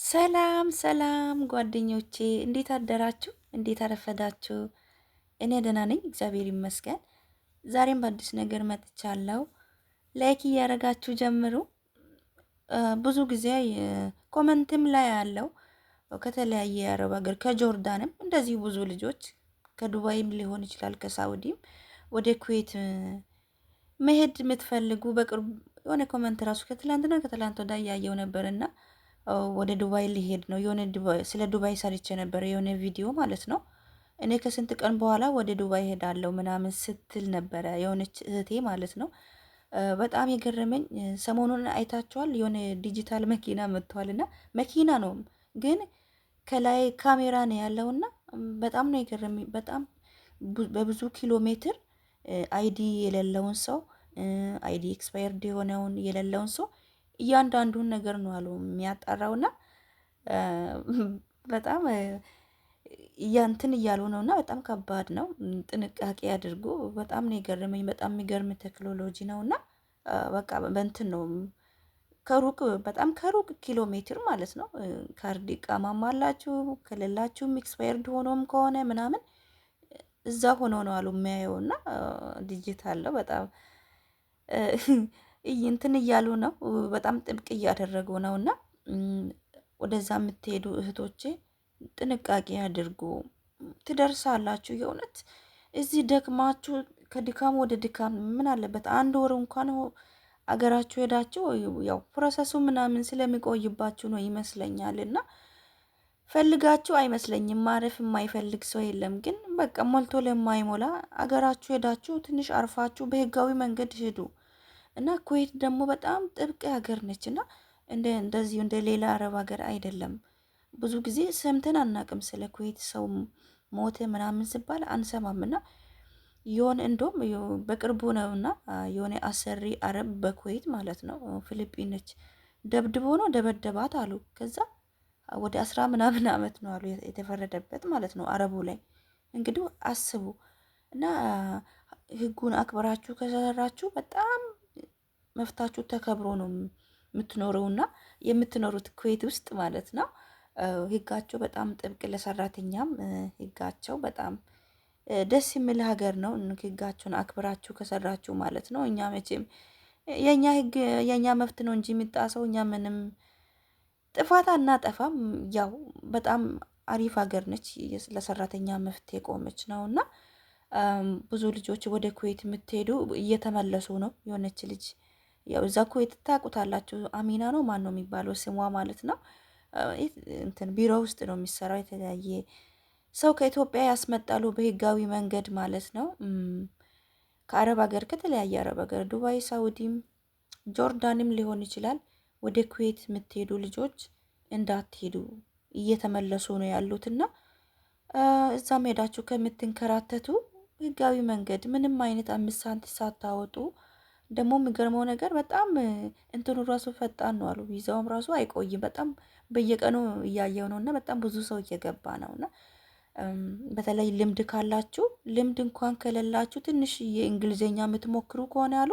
ሰላም ሰላም ጓደኞቼ እንዴት አደራችሁ? እንዴት አረፈዳችሁ? እኔ ደህና ነኝ፣ እግዚአብሔር ይመስገን። ዛሬም በአዲስ ነገር መጥቻለሁ። ላይክ እያደረጋችሁ ጀምሩ። ብዙ ጊዜ ኮመንትም ላይ አለው ከተለያየ የአረብ ሀገር ከጆርዳንም እንደዚሁ ብዙ ልጆች ከዱባይም ሊሆን ይችላል ከሳውዲም ወደ ኩዌት መሄድ የምትፈልጉ በቅርቡ የሆነ ኮመንት ራሱ ከትላንትና ከትላንት ወዲያ እያየው ነበርና ወደ ዱባይ ሊሄድ ነው። የሆነ ስለ ዱባይ ሰርቼ ነበር የሆነ ቪዲዮ ማለት ነው። እኔ ከስንት ቀን በኋላ ወደ ዱባይ ሄዳለሁ ምናምን ስትል ነበረ የሆነች እህቴ ማለት ነው። በጣም የገረመኝ ሰሞኑን አይታችኋል፣ የሆነ ዲጂታል መኪና መጥተዋልና መኪና ነው ግን ከላይ ካሜራ ነው ያለውና በጣም ነው የገረመኝ። በጣም በብዙ ኪሎ ሜትር አይዲ የሌለውን ሰው አይዲ ኤክስፓየርድ የሆነውን የሌለውን ሰው እያንዳንዱን ነገር ነው አሉ እና በጣም ያንትን እያሉ ነው እና በጣም ከባድ ነው። ጥንቃቄ አድርጉ። በጣም ነው የገረመኝ። በጣም የሚገርም ቴክኖሎጂ ነው እና በቃ በንትን ነው ከሩቅ በጣም ከሩቅ ኪሎ ሜትር ማለት ነው። ካርድ ቃማማ አላችሁ ከሌላችሁም ኤክስፓየርድ ሆኖም ከሆነ ምናምን እዛ ሆኖ ነው አሉ የሚያየው እና ዲጂታል ነው በጣም እንትን እያሉ ነው፣ በጣም ጥብቅ እያደረጉ ነው። እና ወደዛ የምትሄዱ እህቶቼ ጥንቃቄ አድርጉ፣ ትደርሳላችሁ። የእውነት እዚህ ደክማችሁ ከድካም ወደ ድካም ምን አለበት አንድ ወር እንኳን አገራችሁ ሄዳችሁ ያው ፕሮሰሱ ምናምን ስለሚቆይባችሁ ነው ይመስለኛል። እና ፈልጋችሁ አይመስለኝም። ማረፍ የማይፈልግ ሰው የለም። ግን በቃ ሞልቶ ለማይሞላ አገራችሁ ሄዳችሁ ትንሽ አርፋችሁ በህጋዊ መንገድ ሂዱ። እና ኩዌት ደግሞ በጣም ጥብቅ ሀገር ነች እና እንደዚሁ እንደ ሌላ አረብ ሀገር አይደለም። ብዙ ጊዜ ሰምተን አናቅም ስለ ኩዌት ሰው ሞተ ምናምን ሲባል አንሰማም። እና የሆነ እንደውም በቅርቡ ነው እና የሆነ አሰሪ አረብ በኩዌት ማለት ነው ፊሊጲን ነች ደብድቦ ነው ደበደባት አሉ። ከዛ ወደ አስራ ምናምን አመት ነው አሉ የተፈረደበት ማለት ነው አረቡ ላይ እንግዲህ አስቡ እና ህጉን አክብራችሁ ከሰራችሁ በጣም መብታችሁ ተከብሮ ነው የምትኖረውና የምትኖሩት ኩዌት ውስጥ ማለት ነው። ህጋቸው በጣም ጥብቅ፣ ለሰራተኛም ህጋቸው በጣም ደስ የሚል ሀገር ነው። ህጋቸውን አክብራችሁ ከሰራችሁ ማለት ነው። እኛ መቼም የእኛ ህግ የእኛ መብት ነው እንጂ የሚጣሰው እኛ ምንም ጥፋት አናጠፋም። ያው በጣም አሪፍ ሀገር ነች። ለሰራተኛ መፍት የቆመች ነው እና ብዙ ልጆች ወደ ኩዌት የምትሄዱ እየተመለሱ ነው። የሆነች ልጅ ያው እዛ እኮ የትታቁታላችሁ አሚና ነው ማን ነው የሚባለው ስሟ ማለት ነው። እንትን ቢሮ ውስጥ ነው የሚሰራው። የተለያየ ሰው ከኢትዮጵያ ያስመጣሉ በህጋዊ መንገድ ማለት ነው። ከአረብ ሀገር ከተለያየ አረብ ሀገር ዱባይ፣ ሳውዲም፣ ጆርዳንም ሊሆን ይችላል። ወደ ኩዌት የምትሄዱ ልጆች እንዳትሄዱ እየተመለሱ ነው ያሉትና እዛም ሄዳችሁ ከምትንከራተቱ ህጋዊ መንገድ ምንም አይነት አምስት ሳንቲም ሳታወጡ ደግሞ የሚገርመው ነገር በጣም እንትኑ ራሱ ፈጣን ነው አሉ። ቪዛውም ራሱ አይቆይም። በጣም በየቀኑ እያየው ነው እና በጣም ብዙ ሰው እየገባ ነው እና በተለይ ልምድ ካላችሁ ልምድ እንኳን ከሌላችሁ ትንሽ የእንግሊዝኛ የምትሞክሩ ከሆነ ያሉ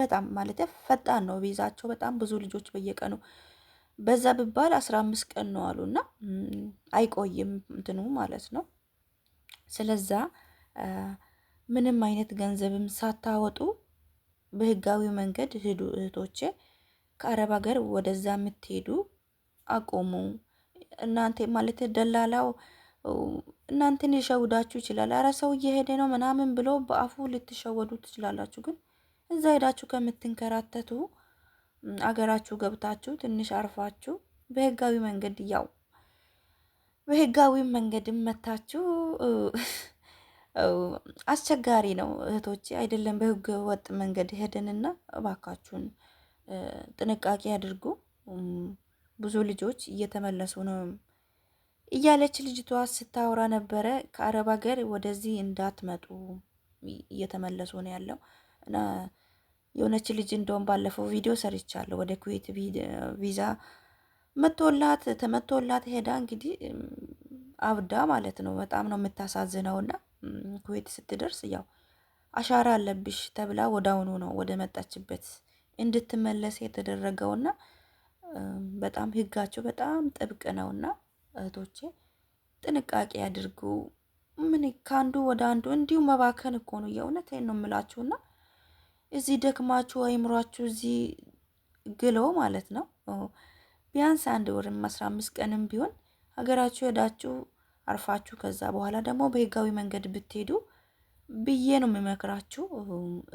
በጣም ማለት ፈጣን ነው ቪዛቸው። በጣም ብዙ ልጆች በየቀኑ በዛ ብባል አስራ አምስት ቀን ነው አሉ እና አይቆይም እንትኑ ማለት ነው። ስለዛ ምንም አይነት ገንዘብም ሳታወጡ በህጋዊ መንገድ ሂዱ እህቶቼ። ከአረብ ሀገር ወደዛ የምትሄዱ አቁሙ። እናንተ ማለት ደላላው እናንተን ሊሸውዳችሁ ይችላል። አረ ሰው እየሄደ ነው ምናምን ብሎ በአፉ ልትሸወዱ ትችላላችሁ። ግን እዛ ሄዳችሁ ከምትንከራተቱ አገራችሁ ገብታችሁ ትንሽ አርፋችሁ በህጋዊ መንገድ ያው በህጋዊ መንገድም መታችሁ አስቸጋሪ ነው እህቶቼ፣ አይደለም በህገ ወጥ መንገድ ሄደንና እባካችሁን ጥንቃቄ አድርጉ። ብዙ ልጆች እየተመለሱ ነው እያለች ልጅቷ ስታወራ ነበረ። ከአረብ ሀገር ወደዚህ እንዳትመጡ እየተመለሱ ነው ያለው እና የሆነች ልጅ እንደውም ባለፈው ቪዲዮ ሰርቻለሁ። ወደ ኩዌት ቪዛ መቶላት ተመቶላት ሄዳ እንግዲህ አብዳ ማለት ነው። በጣም ነው የምታሳዝነው ና። ኩዌት ስትደርስ ያው አሻራ አለብሽ ተብላ ወዳውኑ ነው ወደ መጣችበት እንድትመለስ የተደረገውና በጣም ህጋቸው በጣም ጥብቅ ነውና እህቶቼ ጥንቃቄ አድርጉ። ምን ከአንዱ ወደ አንዱ እንዲሁ መባከን እኮ ነው። የእውነት ነው የምላችሁና እዚህ ደክማችሁ አይምሯችሁ እዚህ ግለው ማለት ነው። ቢያንስ አንድ ወርም አስራ አምስት ቀንም ቢሆን ሀገራችሁ ሄዳችሁ አርፋችሁ ከዛ በኋላ ደግሞ በህጋዊ መንገድ ብትሄዱ ብዬ ነው የሚመክራችሁ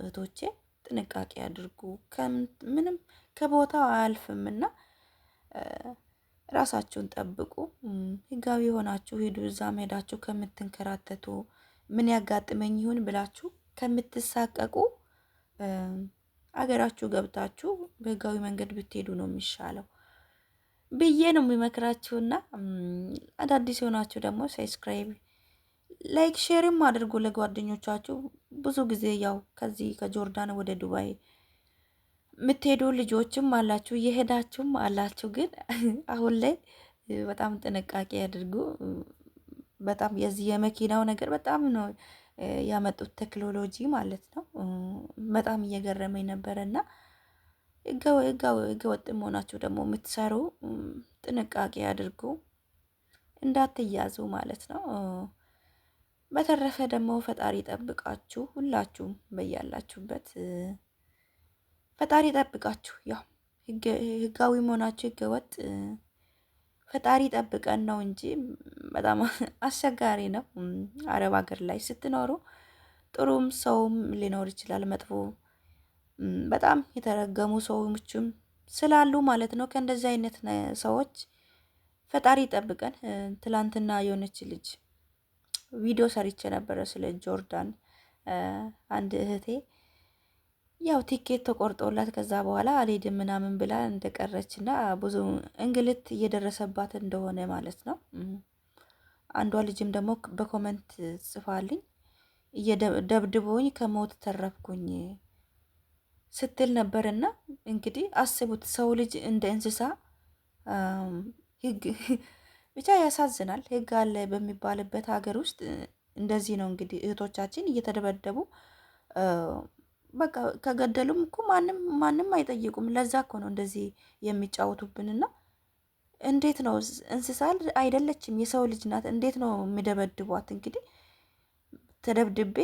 እህቶቼ። ጥንቃቄ አድርጉ። ምንም ከቦታው አያልፍም እና ራሳችሁን ጠብቁ። ህጋዊ የሆናችሁ ሂዱ። እዛም ሄዳችሁ ከምትንከራተቱ ምን ያጋጥመኝ ይሁን ብላችሁ ከምትሳቀቁ አገራችሁ ገብታችሁ በህጋዊ መንገድ ብትሄዱ ነው የሚሻለው። ብዬ ነው የሚመክራችሁና አዳዲስ የሆናችሁ ደግሞ ሰብስክራይብ፣ ላይክ፣ ሼርም አድርጉ ለጓደኞቻችሁ። ብዙ ጊዜ ያው ከዚህ ከጆርዳን ወደ ዱባይ የምትሄዱ ልጆችም አላችሁ የሄዳችሁም አላችሁ። ግን አሁን ላይ በጣም ጥንቃቄ ያድርጉ። በጣም የዚህ የመኪናው ነገር በጣም ነው ያመጡት ቴክኖሎጂ ማለት ነው። በጣም እየገረመኝ እና ህገወጥ መሆናችሁ ደግሞ የምትሰሩ ጥንቃቄ አድርጉ፣ እንዳትያዙ ማለት ነው። በተረፈ ደግሞ ፈጣሪ ጠብቃችሁ፣ ሁላችሁም በያላችሁበት ፈጣሪ ጠብቃችሁ። ያው ህጋዊ መሆናችሁ ህገወጥ ፈጣሪ ጠብቀን ነው እንጂ በጣም አስቸጋሪ ነው። አረብ ሀገር ላይ ስትኖሩ ጥሩም ሰውም ሊኖር ይችላል መጥፎ በጣም የተረገሙ ሰዎችም ስላሉ ማለት ነው። ከእንደዚህ አይነት ሰዎች ፈጣሪ ይጠብቀን። ትላንትና የሆነች ልጅ ቪዲዮ ሰርቼ ነበረ ስለ ጆርዳን አንድ እህቴ ያው ቲኬት ተቆርጦላት ከዛ በኋላ አልሄድም ምናምን ብላ እንደቀረች እና ብዙ እንግልት እየደረሰባት እንደሆነ ማለት ነው። አንዷ ልጅም ደግሞ በኮመንት ጽፋልኝ ደብድቦኝ ከሞት ተረፍኩኝ ስትል ነበርና እንግዲህ አስቡት ሰው ልጅ እንደ እንስሳ ብቻ ያሳዝናል። ህግ አለ በሚባልበት ሀገር ውስጥ እንደዚህ ነው እንግዲህ እህቶቻችን እየተደበደቡ በቃ ከገደሉም እኮ ማንም ማንም አይጠይቁም። ለዛ እኮ ነው እንደዚህ የሚጫወቱብንና እንዴት ነው እንስሳ አይደለችም የሰው ልጅ ናት። እንዴት ነው የሚደበድቧት? እንግዲህ ተደብድቤ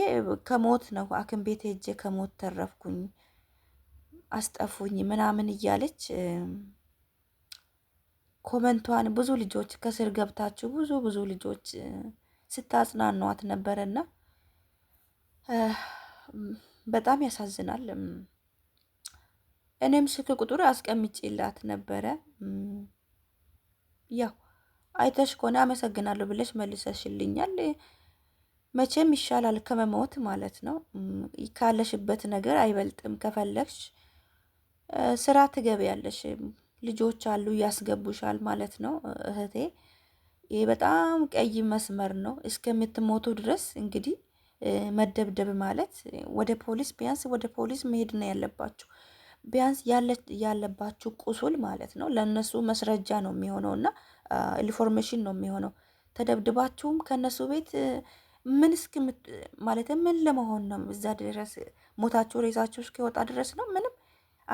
ከሞት ነው አክም ቤት ሄጄ ከሞት ተረፍኩኝ። አስጠፉኝ ምናምን እያለች ኮመንቷን ብዙ ልጆች ከስር ገብታችሁ ብዙ ብዙ ልጆች ስታጽናኗት ነበረና በጣም ያሳዝናል። እኔም ስልክ ቁጥር አስቀምጬላት ነበረ። ያው አይተሽ ከሆነ አመሰግናለሁ ብለሽ መልሰሽልኛል። መቼም ይሻላል ከመሞት ማለት ነው። ካለሽበት ነገር አይበልጥም። ከፈለግሽ ስራ ትገቢያለሽ፣ ልጆች አሉ ያስገቡሻል ማለት ነው እህቴ። ይህ በጣም ቀይ መስመር ነው። እስከምትሞቱ ድረስ እንግዲህ መደብደብ ማለት ወደ ፖሊስ ቢያንስ ወደ ፖሊስ መሄድ ነው ያለባችሁ። ቢያንስ ያለባችሁ ቁስል ማለት ነው ለእነሱ መስረጃ ነው የሚሆነው እና ኢንፎርሜሽን ነው የሚሆነው። ተደብድባችሁም ከእነሱ ቤት ምን እስክ ማለት ምን ለመሆን ነው? እዛ ድረስ ሞታችሁ ሬሳችሁ እስኪወጣ ድረስ ነው ምንም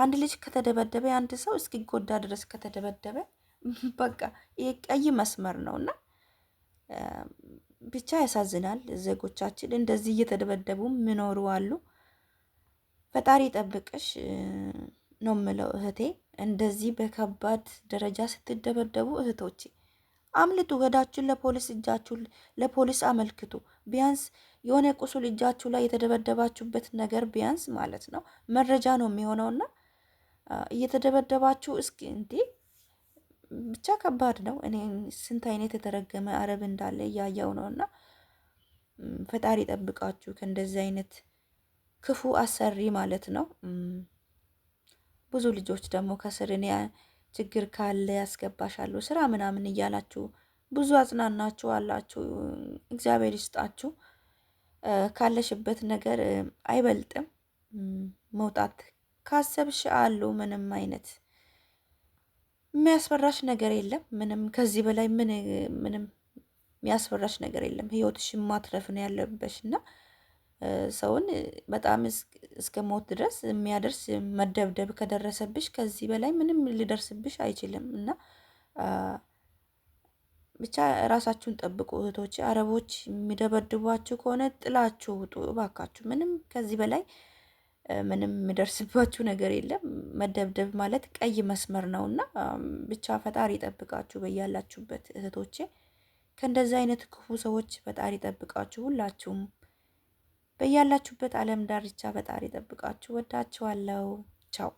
አንድ ልጅ ከተደበደበ አንድ ሰው እስኪጎዳ ድረስ ከተደበደበ በቃ ይሄ ቀይ መስመር ነው እና ብቻ ያሳዝናል። ዜጎቻችን እንደዚህ እየተደበደቡ ምኖሩ አሉ። ፈጣሪ ጠብቅሽ ነው የምለው እህቴ። እንደዚህ በከባድ ደረጃ ስትደበደቡ እህቶቼ አምልጡ፣ ወዳችሁን ለፖሊስ እጃችሁ ለፖሊስ አመልክቱ። ቢያንስ የሆነ ቁስል እጃችሁ ላይ የተደበደባችሁበት ነገር ቢያንስ ማለት ነው መረጃ ነው የሚሆነውና እየተደበደባችሁ እስኪ እንዴ ብቻ ከባድ ነው። እኔ ስንት አይነት የተረገመ አረብ እንዳለ እያየው ነው። እና ፈጣሪ ጠብቃችሁ ከእንደዚህ አይነት ክፉ አሰሪ ማለት ነው። ብዙ ልጆች ደግሞ ከስር እኔ ችግር ካለ ያስገባሻለሁ ስራ ምናምን እያላችሁ ብዙ አጽናናችሁ አላችሁ። እግዚአብሔር ይስጣችሁ። ካለሽበት ነገር አይበልጥም መውጣት ካሰብሽ አሉ ምንም አይነት የሚያስፈራሽ ነገር የለም። ምንም ከዚህ በላይ ምን ምንም የሚያስፈራሽ ነገር የለም። ህይወትሽ ማትረፍ ነው ያለበሽ እና ሰውን በጣም እስከ ሞት ድረስ የሚያደርስ መደብደብ ከደረሰብሽ ከዚህ በላይ ምንም ሊደርስብሽ አይችልም እና ብቻ ራሳችሁን ጠብቁ እህቶች። አረቦች የሚደበድቧችሁ ከሆነ ጥላችሁ ውጡ እባካችሁ። ምንም ከዚህ በላይ ምንም የሚደርስባችሁ ነገር የለም። መደብደብ ማለት ቀይ መስመር ነው እና ብቻ ፈጣሪ ይጠብቃችሁ በያላችሁበት እህቶቼ፣ ከእንደዚህ አይነት ክፉ ሰዎች ፈጣሪ ይጠብቃችሁ። ሁላችሁም በያላችሁበት ዓለም ዳርቻ ፈጣሪ ይጠብቃችሁ። ወዳችኋለሁ። ቻው